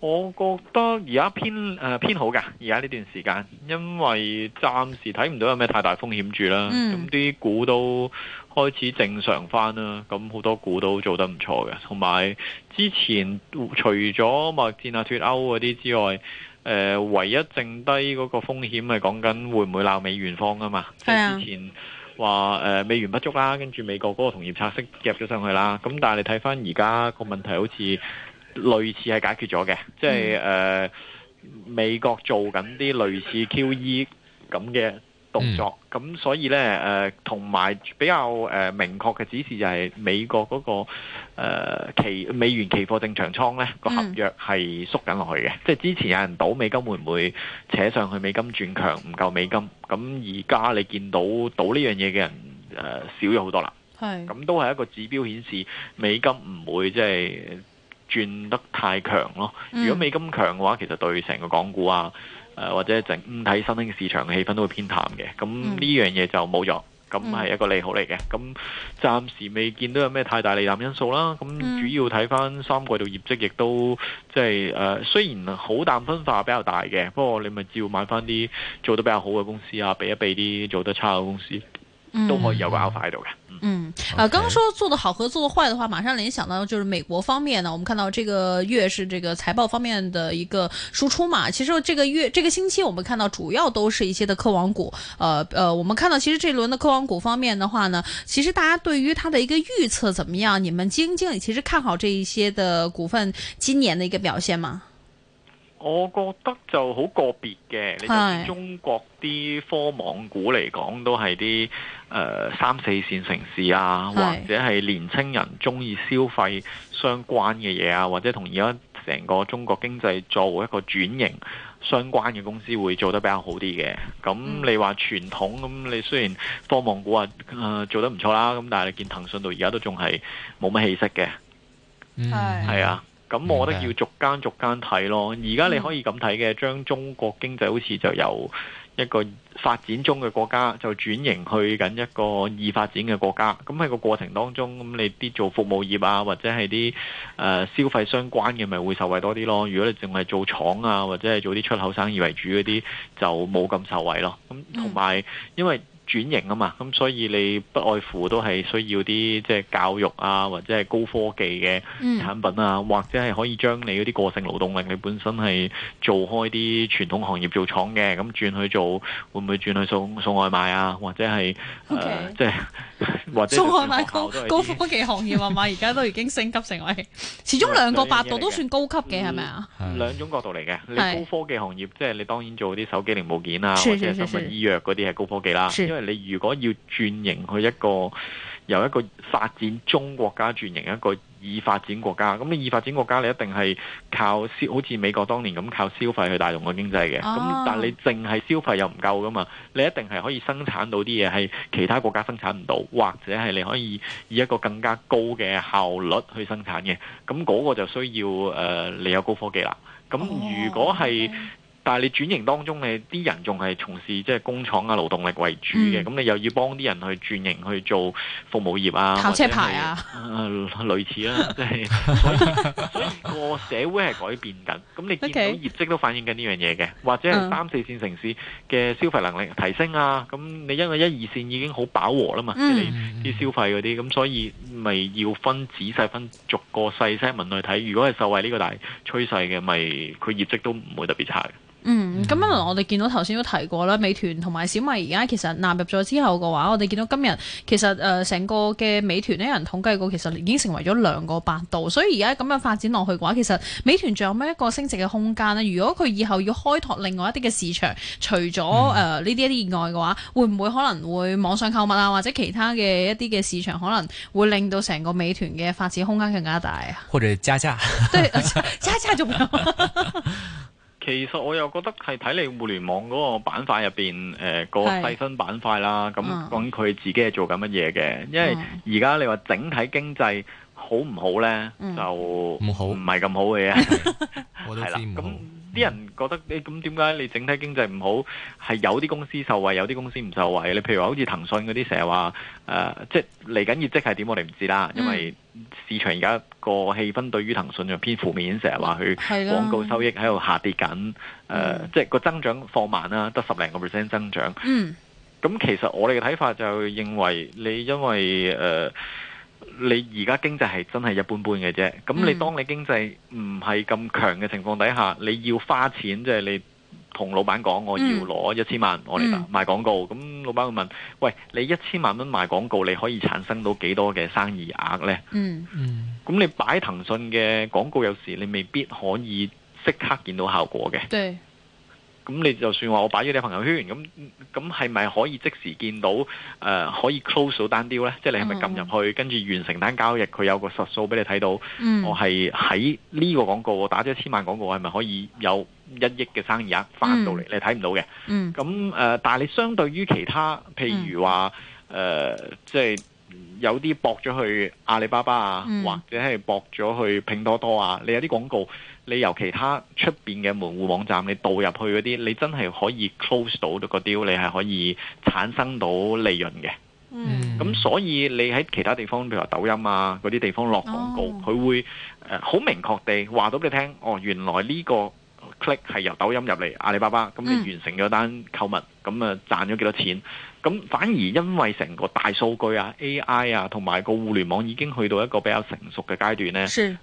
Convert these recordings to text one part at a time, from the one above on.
我覺得而家偏誒、呃、偏好㗎。而家呢段時間，因為暫時睇唔到有咩太大風險住啦，咁啲、嗯、股都開始正常翻啦，咁好多股都做得唔錯嘅，同埋之前除咗貿易戰啊、脫歐嗰啲之外，誒、呃、唯一剩低嗰個風險係講緊會唔會鬧美元荒啊嘛，即係之前話誒、呃、美元不足啦，跟住美國嗰個同業拆息夾咗上去啦，咁但係你睇翻而家個問題好似。類似係解決咗嘅，即係誒美國做緊啲類似 QE 咁嘅動作，咁所以呢誒，同埋比較誒明確嘅指示就係美國嗰個誒期美元期貨正常倉呢個合約係縮緊落去嘅，即係之前有人賭美金會唔會扯上去美金轉強，唔夠美金，咁而家你見到賭呢樣嘢嘅人誒少咗好多啦，係咁都係一個指標顯示美金唔會即係。轉得太強咯，如果美金強嘅話，其實對成個港股啊，誒、呃、或者整體新興市場嘅氣氛都會偏淡嘅。咁呢樣嘢就冇咗，咁係一個利好嚟嘅。咁暫時未見到有咩太大利淡因素啦。咁主要睇翻三季度業績也都，亦都即係誒，雖然好淡分化比較大嘅，不過你咪照買翻啲做得比較好嘅公司啊，避一避啲做得差嘅公司，都可以有個 alpha 喺度嘅。嗯，Okay. 啊，剛剛說做的好和做的壞的話，馬上聯想到就是美國方面呢。我們看到這個月是這個財報方面的一個輸出嘛。其實這個月這個星期，我們看到主要都是一些的科網股。呃呃，我們看到其實這輪的科網股方面的話呢，其實大家對於它的一個預測怎麼樣？你們基金經理其實看好這一些的股份今年的一個表現嗎？我覺得就好個別嘅，你就中國啲科網股嚟講都是些，都係啲。誒、呃、三四線城市啊，是或者係年青人中意消費相關嘅嘢啊，或者同而家成個中國經濟做一個轉型相關嘅公司會做得比較好啲嘅。咁你話傳統咁，咁你雖然科網股啊、呃、做得唔錯啦，咁但係你見騰訊度而家都仲係冇乜氣息嘅。嗯是，係啊。咁我覺得要逐間逐間睇咯。而家你可以咁睇嘅，將中國經濟好似就由，一個發展中嘅國家，就轉型去緊一個已發展嘅國家，咁喺個過程當中，咁你啲做服務業啊，或者係啲誒消費相關嘅，咪會受惠多啲咯。如果你淨係做廠啊，或者係做啲出口生意為主嗰啲，就冇咁受惠咯。咁同埋因為。轉型啊嘛，咁所以你不外乎都係需要啲即係教育啊，或者係高科技嘅產品啊，或者係可以將你嗰啲個性勞動力，你本身係做開啲傳統行業做廠嘅，咁轉去做會唔會轉去送送外賣啊？或者係即係送外賣高高科技行業啊嘛，而家都已經升級成為，始終兩個百度都算高級嘅係咪啊？兩種角度嚟嘅，你高科技行業即係你當然做啲手機零部件啊，或者生物醫藥嗰啲係高科技啦，因為你如果要轉型去一個由一個發展中國家轉型一個已發展國家，咁你已發展國家你一定係靠消好似美國當年咁靠消費去帶動個經濟嘅，咁、啊、但係你淨係消費又唔夠噶嘛，你一定係可以生產到啲嘢，係其他國家生產唔到，或者係你可以以一個更加高嘅效率去生產嘅，咁嗰個就需要誒、呃、你有高科技啦。咁如果係，啊嗯但係你轉型當中，你啲人仲係從事即係工廠啊勞動力為主嘅，咁、嗯、你又要幫啲人去轉型去做服務業啊，考車牌啊，呃、類似啦、啊，即係、 就是、所以所以個社會係改變緊，咁 你見到業績都反映緊呢樣嘢嘅，或者係三四線城市嘅消費能力提升啊，咁、嗯、你因為一二線已經好飽和啦嘛，啲、嗯、消費嗰啲，咁所以咪要分仔細分逐個細 segment 去睇，如果係受惠呢個大趨勢嘅，咪佢業績都唔會特別差嘅。嗯，咁可能我哋見到頭先都提過啦，美團同埋小米而家其實納入咗之後嘅話，我哋見到今日其實誒成個嘅美團呢有人統計過，其實已經成為咗兩個百度，所以而家咁樣發展落去嘅話，其實美團仲有咩一個升值嘅空間呢？如果佢以後要開拓另外一啲嘅市場，除咗誒呢啲一啲意外嘅話，會唔會可能會網上購物啊或者其他嘅一啲嘅市場，可能會令到成個美團嘅發展空間更加大啊？或者加價 對加價仲有 其實我又覺得係睇你互聯網嗰個板塊入邊誒個細分板塊啦。咁講佢自己係做緊乜嘢嘅？因為而家你話整體經濟好唔好咧？嗯、就唔好，好，唔係咁好嘅嘢。我都知唔啲人覺得你咁點解你整體經濟唔好係有啲公司受惠，有啲公司唔受惠。你譬如話好似騰訊嗰啲，成日話誒，即係嚟緊業績係點，我哋唔知啦。嗯、因為市場而家個氣氛對於騰訊就偏負面，成日話佢廣告收益喺度下跌緊，呃嗯、即係個增長放慢啦，得十零個 percent 增長。嗯，咁其實我哋嘅睇法就認為你因為誒。呃你而家經濟係真係一般般嘅啫，咁你當你經濟唔係咁強嘅情況底下，嗯、你要花錢，即、就、係、是、你同老闆講，我要攞一千萬、嗯、我嚟賣廣告，咁、嗯、老闆會問：「喂，你一千萬蚊賣廣告，你可以產生到幾多嘅生意額呢？」嗯嗯，咁你擺騰訊嘅廣告，有時你未必可以即刻見到效果嘅。咁你就算話我擺咗你朋友圈，咁咁係咪可以即時見到？呃、可以 close 到單啲呢？即係你係咪撳入去，mm hmm. 跟住完成單交易，佢有個實數俾你睇到？Mm hmm. 我係喺呢個廣告打咗一千萬廣告，係咪可以有一億嘅生意額翻、mm hmm. 到嚟？你睇唔到嘅。咁、hmm. 呃、但係你相對於其他，譬如話即係有啲駁咗去阿里巴巴啊，mm hmm. 或者係駁咗去拼多多啊，你有啲廣告。你由其他出邊嘅門戶網站，你導入去嗰啲，你真係可以 close 到個 deal，你係可以產生到利潤嘅。嗯，咁所以你喺其他地方，譬如抖音啊嗰啲地方落廣告，佢、哦、會誒好、呃、明確地話到俾你聽哦，原來呢個 click 係由抖音入嚟阿里巴巴，咁你完成咗單購物，咁啊賺咗幾多錢，咁反而因為成個大數據啊、AI 啊，同埋個互聯網已經去到一個比較成熟嘅階段咧。是。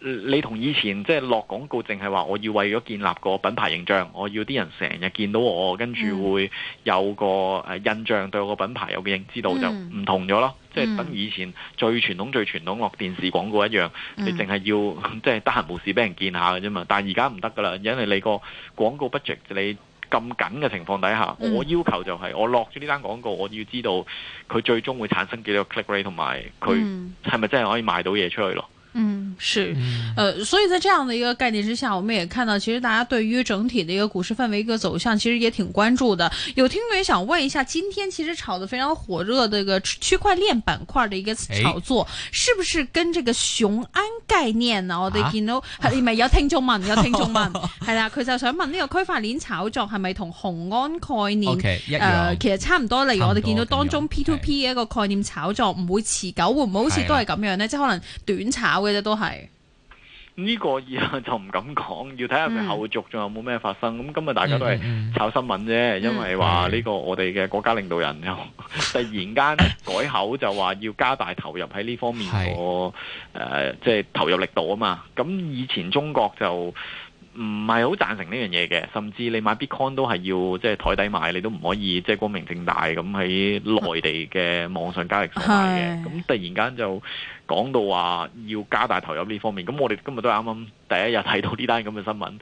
你同以前即係落廣告，淨係話我要為咗建立個品牌形象，我要啲人成日見到我，跟住會有個誒印象，對我個品牌有嘅認知度、嗯、就唔同咗咯。即係等以前最傳統、最傳統落電視廣告一樣，你淨係要即係得閒無事俾人見下嘅啫嘛。但係而家唔得噶啦，因為你個廣告 budget 你咁緊嘅情況底下，我要求就係我落咗呢單廣告，我要知道佢最終會產生幾多個 click rate，同埋佢係咪真係可以賣到嘢出去咯。嗯，是，嗯、呃，所以在這樣的一個概念之下，我們也看到，其實大家對於整體的一個股市氛圍一個走向，其實也挺關注的。有聽友想問一下，今天其實炒得非常火熱的一個區塊鏈板塊的一個炒作，是不是跟這個雄安概念呢、啊？我哋見到係咪有聽眾問？有聽眾問，係啦，佢就想問呢個區塊鏈炒作係咪同雄安概念？誒、okay, 呃，其實差唔多了。例如我哋見到當中 P to P 嘅一個概念炒作，唔會持久，會唔會好似都係咁樣咧？即可能短炒。嘅啫，我覺得都係呢個以後就唔敢講，要睇下佢後續仲有冇咩發生。咁、嗯、今日大家都係炒新聞啫，嗯、因為話呢個我哋嘅國家領導人又突然間改口，就話要加大投入喺呢方面個誒，即係是、呃就是、投入力度啊嘛。咁以前中國就。唔係好贊成呢樣嘢嘅，甚至你買 Bitcoin 都係要即係台底買，你都唔可以即係、就是、光明正大咁喺內地嘅網上交易所買嘅。咁是突然間就講到話要加大投入呢方面，咁我哋今日都係啱啱第一日睇到呢單咁嘅新聞。誒、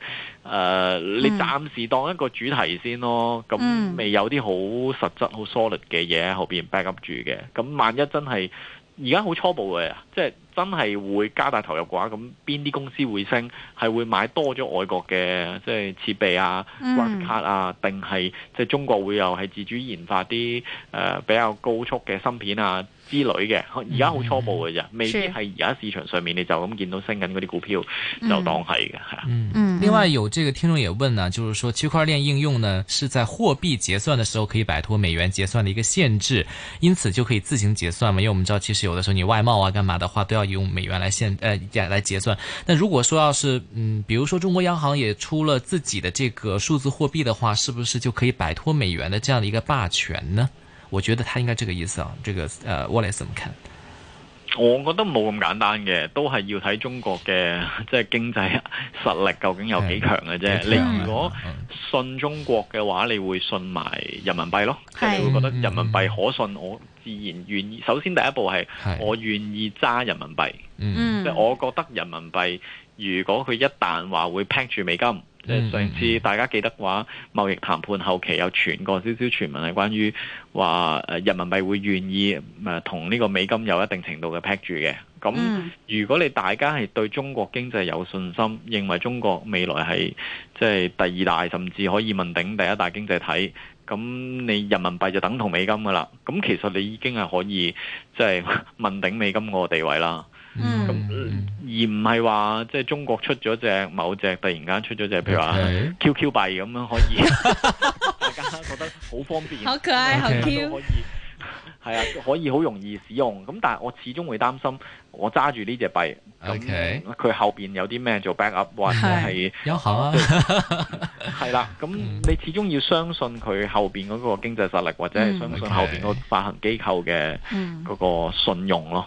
呃，你暫時當一個主題先咯，咁未有啲好實質、好 solid 嘅嘢喺後邊 back up 住嘅。咁萬一真係～而家好初步嘅，即係真係會加大投入嘅話，咁邊啲公司會升？係會買多咗外國嘅即係設備啊、光卡啊，定係即係中國會又係自主研發啲誒、呃、比較高速嘅芯片啊？之類嘅，而家好初步嘅啫，嗯、未必係而家市場上面是你就咁見到升緊嗰啲股票，嗯、就當係嘅嚇。嗯，另外有這個聽眾也問呢，就是說區塊鏈應用呢，是在貨幣結算嘅時候可以擺脫美元結算嘅一個限制，因此就可以自行結算嘛。因為我們知道其實有的時候你外貿啊，幹嘛嘅話都要用美元來限，誒、呃，來結算。但如果說要是，嗯，比如說中國央行也出了自己嘅這個數字貨幣嘅話，是不是就可以擺脫美元嘅這樣的一個霸權呢？我覺得他應該這個意思啊，這個，誒 Wallison 看，我覺得冇咁簡單嘅，都係要睇中國嘅即係經濟實力究竟有幾強嘅啫。嗯嗯、你如果信中國嘅話，你會信埋人民幣咯，是你會覺得人民幣可信，我自然願意。首先第一步係是我願意揸人民幣，嗯、即係我覺得人民幣如果佢一旦話會 peg 住美金。即係上次大家記得嘅話，貿易談判後期有傳過少少傳聞係關於話，誒人民幣會願意誒同呢個美金有一定程度嘅 peg 住嘅。咁如果你大家係對中國經濟有信心，認為中國未來係即係第二大，甚至可以問鼎第一大經濟體，咁你人民幣就等同美金噶啦。咁其實你已經係可以即係問鼎美金個地位啦。嗯，而唔係話即係中國出咗隻某隻突然間出咗隻，譬如話 Q Q 幣咁樣可以， 大家覺得好方便，好 Okay, okay. 可愛，好 Q，係啊，可以好容易使用。咁但係我始終會擔心我這隻，我揸住呢隻幣，咁佢後邊有啲咩做 backup 或者係有效，係啦。 咁你始終要相信佢後邊嗰個經濟實力，或者係相信後邊個發行機構嘅嗰個信用咯。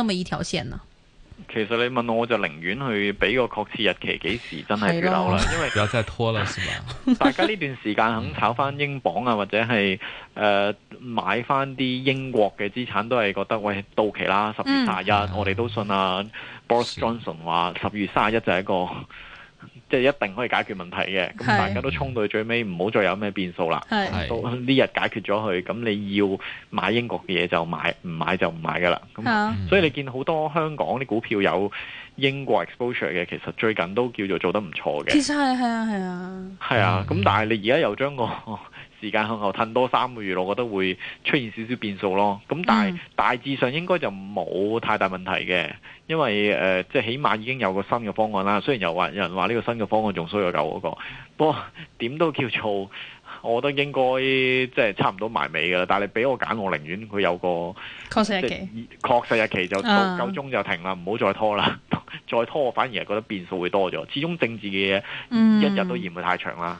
咁麼一條線呢？其實你問我，我就寧願去俾個確切日期幾時，真係跌樓啦，因為不要再拖啦，係嘛？大家呢段時間肯炒翻英鎊啊，或者係誒、呃、買翻啲英國嘅資產，都係覺得喂到期啦，十月卅一，我哋都信啊。Boris Johnson 話十月卅一就係一個。即係一定可以解決問題嘅，咁大家都衝到最尾，唔好係再有咩變數啦。係到呢日解決咗佢，咁你要買英國嘅嘢就買，唔買就唔買噶啦。咁、啊、所以你見好多香港啲股票有英國 exposure 嘅，其實最近都叫做做得唔錯嘅。其實係啊係啊。係啊，咁但係你而家又將個時間向後褪多三個月，我覺得會出現少少變數咯。咁但係大，大致上應該就冇太大問題嘅，因為誒、呃、即係起碼已經有個新嘅方案啦。雖然又有人話呢個新嘅方案仲衰過舊嗰個，不過點都叫做我覺得應該即係差唔多埋尾㗎啦。但係你俾我揀，我寧願佢有個確實日期，確實日期就夠鐘就停啦，唔好、嗯、再拖啦。再拖我反而覺得變數會多咗。始終政治嘅嘢、嗯、一日都嫌會太長啦。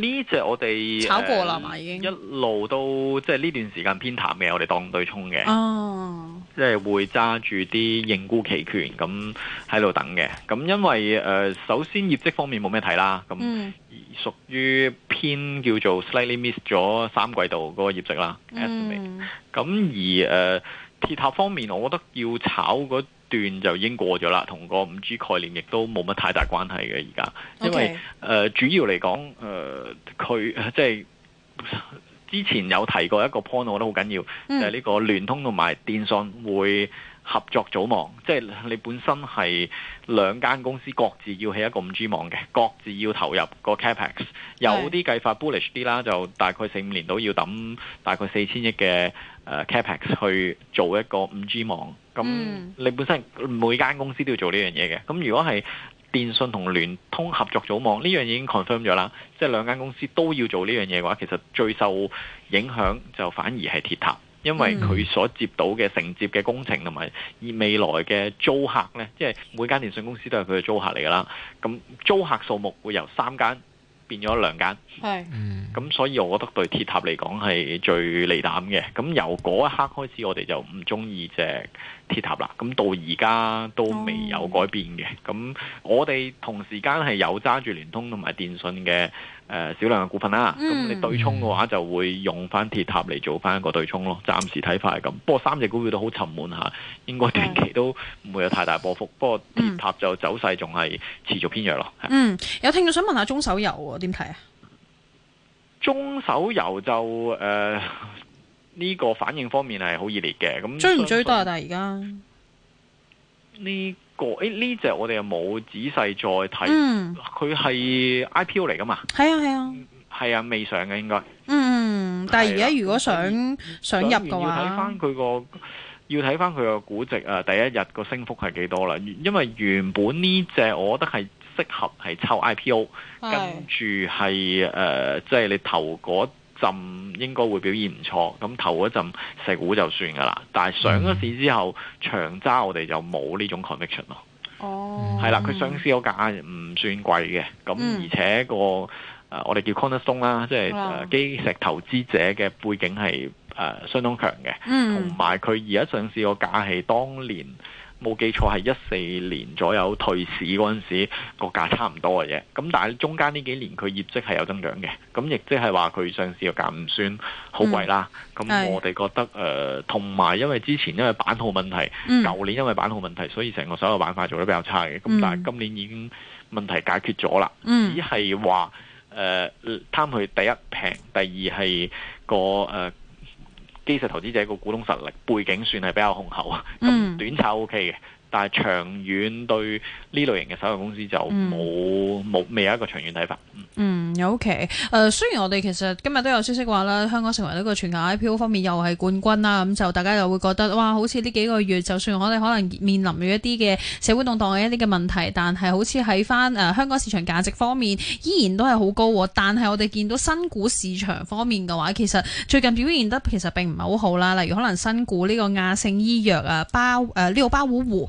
呢隻我哋炒過啦已經、嗯、一路都即係呢段時間偏淡嘅，我哋當對沖嘅，oh. 即係會揸住啲認沽期權咁喺度等嘅。咁因為、呃、首先業績方面冇咩睇啦，咁、mm. 屬於偏叫做 slightly miss 咗三季度嗰個業績啦。咁、mm. 而、呃、鐵塔方面，我覺得要炒嗰段就已經過咗啦，同個五 G 概念亦都冇乜太大關係嘅而家，因為誒 Okay.、呃、主要嚟講，誒、呃、佢即係之前有提過一個 point，我覺得好緊要，嗯、就係呢個聯通同埋電信會合作組網，即係你本身係兩間公司各自要起一個 5G 網嘅，各自要投入個 capex。有啲計法 bullish 啲啦，就大概四五年度要抌大概四千億嘅 capex 去做一個 5G 網。咁你本身每間公司都要做呢樣嘢嘅。咁如果係電信同聯通合作組網呢樣嘢已經 confirm 咗啦，即係兩間公司都要做呢樣嘢嘅話，其實最受影響就反而係鐵塔。因為佢所接到嘅承接嘅工程同埋未來嘅租客呢，即係每間電信公司都係佢嘅租客嚟㗎啦。咁租客數目會由三間變咗兩間，係是，咁所以我覺得對鐵塔嚟講係最利膽嘅。咁由嗰一刻開始，我哋就唔中意隻鐵塔啦。咁到而家都未有改變嘅。咁、哦、我哋同時間係有揸住聯通同埋電信嘅。誒、呃，少量嘅股份啦，咁、嗯、你對沖嘅話就會用翻鐵塔嚟做翻一個對沖咯。暫時睇法係咁，不過三隻股票都好沉悶下，應該短期都唔會有太大波幅。嗯、不過鐵塔就走勢仲係持續偏弱咯。嗯，是嗯，有聽到想問下中手遊喎，點睇啊？中手游就誒、呢、呃這個反應方面係好熱烈嘅，咁追唔追得啊？而家？.呢、這個誒呢隻我哋又冇仔細再睇，佢係 IPO 嚟噶嘛？係啊，係啊，係啊、嗯、啊未上嘅應該。嗯，但係而家如果想、啊、想入到，要睇翻佢個要睇翻佢個估值啊！第一日個升幅係幾多啦？因為原本呢隻我覺得係適合係抽 IPO，是跟住係誒，即、呃、係、就是、你投嗰。浸應該會表現唔錯，咁頭一陣細股就算噶啦。但係上咗市之後，嗯、長揸我哋就冇呢種 conviction 咯。哦，係啦，佢上市嗰價唔算貴嘅，咁而且個、嗯呃、我哋叫 cornerstone 啦，即係、哦呃、基石投資者嘅背景係誒、呃、相當強嘅，同埋佢而家上市個價係當年。冇記錯係一四年左右退市嗰陣時個價差唔多嘅啫，咁但係中間呢幾年佢業績係有增長嘅，咁亦即係話佢上市嘅價唔算好貴啦。咁、嗯、我哋覺得誒，同埋的、呃、因為之前因為版號問題，舊、嗯、年因為版號問題，所以成個所有板塊做得比較差嘅。咁、嗯、但係今年已經問題解決咗啦，嗯、只係話誒貪佢第一平，第二係個誒。呃基石投資者個股東實力背景算係比較雄厚啊，咁短炒 OK 嘅。但係長遠對呢類型嘅手遊公司就冇冇未有一個長遠睇法。嗯，嗯，OK。誒，雖然我哋其實今日都有消息話啦，香港成為一個全球 IPO 方面又係冠軍啦，咁就大家又會覺得哇，好似呢幾個月就算我哋可能面臨咗一啲嘅社會動盪嘅一啲嘅問題，但係好似喺翻誒香港市場價值方面依然都係好高。但係我哋見到新股市場方面嘅話，其實最近表現得其實並唔係好好啦。例如可能新股呢個亞盛醫藥啊、包誒呢個包乎乎。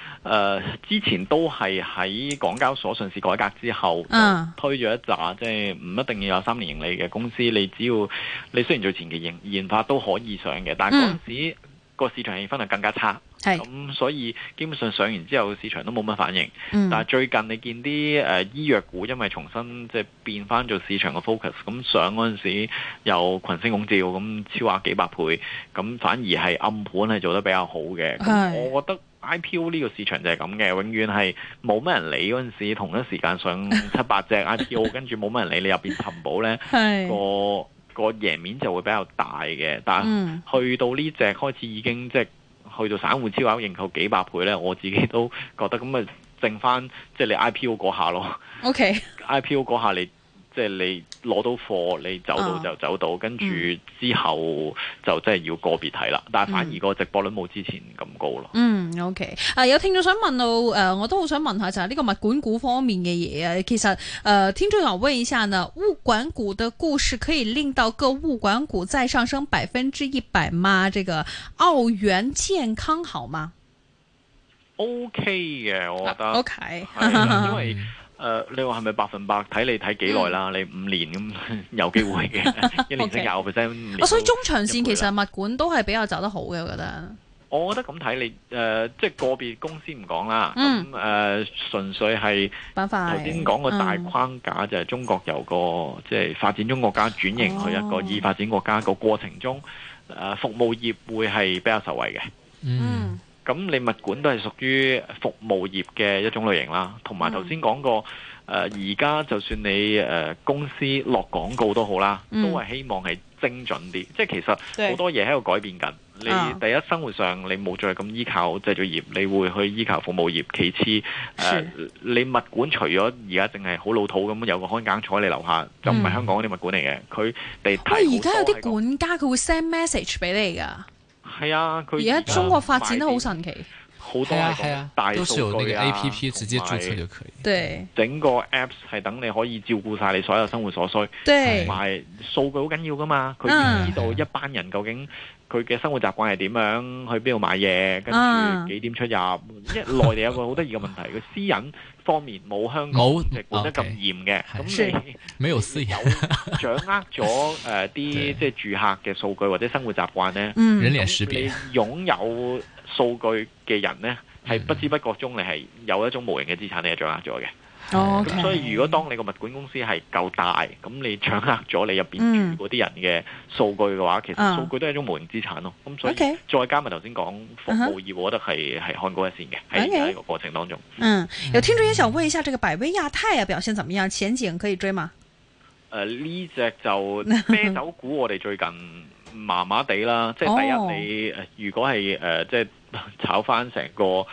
誒、呃，之前都係喺港交所上市改革之後、uh, 推咗一紮，即係唔一定要有三年盈利嘅公司，你只要你雖然做前期研研發都可以上嘅，但嗰陣時個市場氣氛係更加差，咁所以基本上上完之後市場都冇乜反應。Mm, 但係最近你見啲誒醫藥股因為重新即係、就是、變翻做市場嘅 focus，咁上嗰陣時有群星拱照，咁超下幾百倍，咁反而係暗盤係做得比較好嘅。咁是我覺得。IPO 呢個市場就係咁嘅，永遠係冇乜人理嗰陣時，同一時間上七八隻 IPO， 跟住冇乜人理你入面尋寶呢是個個贏面就會比較大嘅。但係去到呢隻開始已經即係、嗯、去到散戶超額認購幾百倍呢，我自己都覺得咁咪剩翻即係你 IPO 嗰下咯。OK，IPO Okay 嗰下你。即係你攞到貨，你走到就走到，跟住，哦嗯，之後就真係要個別睇啦。嗯，但係反而個直播率冇之前咁高咯。嗯，OK。誒、啊，有聽眾想問到，哦，誒、呃，我都好想問下就係呢個物管股方面嘅嘢啊。其實誒，聽眾想問一下呢，物管股嘅故事可以令到個物管股再上升百分之一百嗎？這個澳元健康好嗎？OK 嘅，我覺得，啊，OK，因為。 誒、呃，你話係咪百分百，睇你睇幾耐啦？嗯、你五年咁 有機會嘅， Okay. 一年升廿個 percent 我所以中長線其實物管都係比較走得好嘅，我覺得。我覺得咁睇你誒、呃，即係個別公司唔講啦。嗯。咁誒，純、呃、粹係。板塊。頭先講個大框架就係中國由個即係、嗯、發展中國家轉型去一個已發展國家個過程中，誒、哦，服務業會係比較受惠嘅。嗯。咁你物管都係屬於服務業嘅一種類型啦，同埋頭先講過，誒而家就算你誒公司落廣告都好啦，都係希望係精準啲。即係其實好多嘢喺度改變緊。你第一生活上你冇再咁依靠製造業，你會去依靠服務業。其次誒，你物管除咗而家淨係好老土咁，有個看更坐喺你樓下，就唔係香港嗰啲物管嚟嘅。佢被我而家有啲管家佢會 send message 俾你㗎。係啊，佢而家中國發展得好神奇，好多係啊，大數據啊，APP 直接注冊就可以，對，整個 Apps 係等你可以照顧晒你所有生活所需，對，同埋數據好緊要噶嘛，佢知道一班人究竟。佢嘅生活習慣係點樣？去邊度買嘢？跟住幾點出入？啊、因為內地有個好得意嘅問題，佢 私隱方面冇香港即管得咁嚴嘅。咁、哦 okay, 你是是沒有私隱，有掌握咗誒啲即住客嘅數據或者生活習慣呢？嗯、你擁有數據嘅人呢，係不知不覺中你係有一種無形嘅資產，你係掌握咗嘅。咁、oh, okay. 嗯、所以如果當你個物管公司係夠大，咁你掌握咗你入邊住嗰啲人嘅數據嘅話，嗯、其實數據都係一種無形資產咯。咁、嗯、所以再加埋頭先講服務業，我覺得係係看嗰一線嘅喺呢個過程當中。嗯，有聽眾也想問一下，這個百威亞太啊，表現怎麼樣？前景可以追嗎？誒呢隻就咩啤酒股，我哋最近麻麻地啦。 即係第一，oh. 你如果係誒、呃、即係炒翻成個。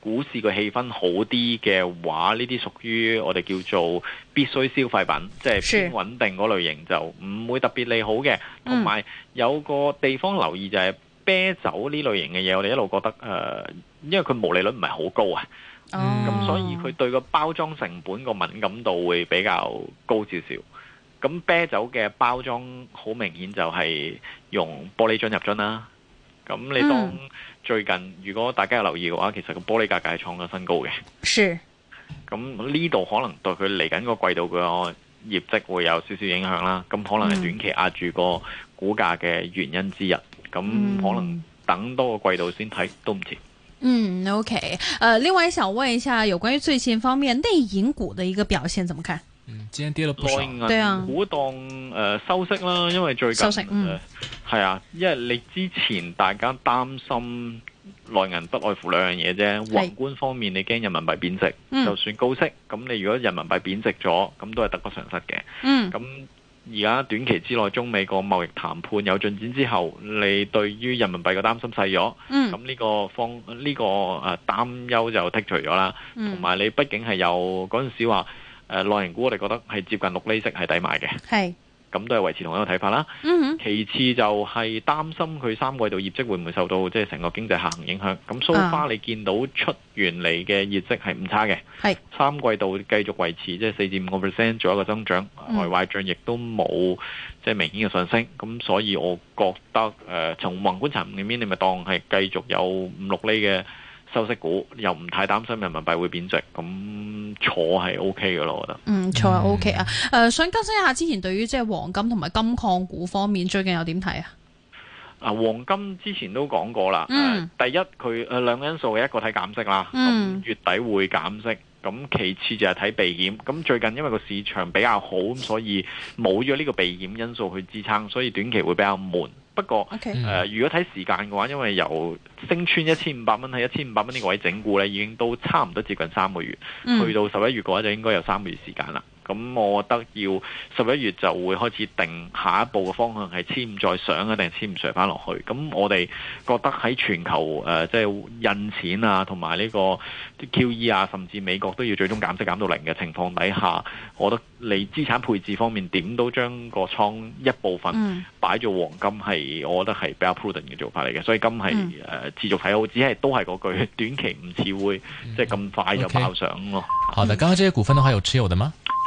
股市嘅氣氛好啲嘅話，呢啲屬於我哋叫做必須消費品，即係偏穩定嗰類型，就唔會特別利好嘅。同埋是有，有個地方留意就係啤酒呢類型嘅嘢，嗯、我哋一路覺得誒、呃，因為佢毛利率唔係好高啊，咁、嗯、所以佢對個包裝成本個敏感度會比較高少少。咁啤酒嘅包裝好明顯就係用玻璃樽入樽啦、啊。咁你當、嗯？最近如果大家有留意嘅話，其實個玻璃價格係創咗新高嘅。是。咁呢度可能對佢嚟緊個季度嘅業績會有少少影響啦。咁可能係短期壓住個股價嘅原因之一。咁可能等多個季度先睇都唔遲。嗯，嗯，嗯，OK，呃。誒，另外想問一下，有關於最近方面內銀股嘅一個表現，怎麼看？嗯、不對啊，誒、呃、收息啦，因為最近係、嗯呃、啊，因為你之前大家擔心內銀不外乎兩樣嘢啫，宏觀方面你驚人民幣貶值，是就算高息，咁、嗯、你如果人民幣貶值咗，咁都係得不償失嘅。咁而家短期之內中美個貿易談判有進展之後，你對於人民幣嘅擔心細咗，咁呢、嗯、個方呢、這個誒擔憂就剔除咗啦，同埋、嗯、你畢竟係有嗰陣時話。誒、呃、內營股，我哋覺得係接近六厘息係抵買嘅，係咁是都係維持同一個睇法啦。嗯哼其次就係擔心佢三季度業績會唔會受到即係成個經濟下行影響。咁蘇花你見到出完嚟嘅業績係唔差嘅，係是三季度繼續維持即係四至五個 percent 左右嘅增長，嗯、哼外壞賬亦都冇即係明顯嘅上升。咁所以我覺得誒、呃、從宏觀層面面你咪當係繼續有五六厘嘅。收息股又唔太擔心人民幣會貶值，咁坐係 O K 嘅咯，我覺得。嗯，坐係 O K 啊。誒、嗯呃，想更新一下之前對於即係黃金同埋金礦股方面，最近又點睇啊？啊，黃金之前都講過啦。嗯、呃。第一，佢誒、呃、兩個因素嘅一個睇減息啦。嗯、嗯。月底會減息，咁其次就係睇避險。咁最近因為個市場比較好，咁所以冇咗呢個避險因素去支撐，所以短期會比較悶。不過，Okay. 呃、如果睇時間嘅話，因為由升穿一千五百蚊喺一千五百蚊呢個位整固咧，已經都差唔多接近三個月，去到十一月嘅話，就應該有三個月時間啦。咁，我覺得要十一月就會開始定下一步嘅方向，係簽再上啊，定簽唔上翻落去。咁我哋覺得喺全球即係、呃就是、印錢啊，同埋呢個 Q E 啊，甚至美國都要最終減息減到零嘅情況底下，我覺得你資產配置方面點都將個倉一部分擺做黃金，係我覺得係比較 prudent 嘅做法嚟嘅。所以今係誒持續睇好，只係都係嗰句短期唔似會即係咁快就爆上咯。嗯 okay. 好的，剛剛這些股份都有持有嘅嗎？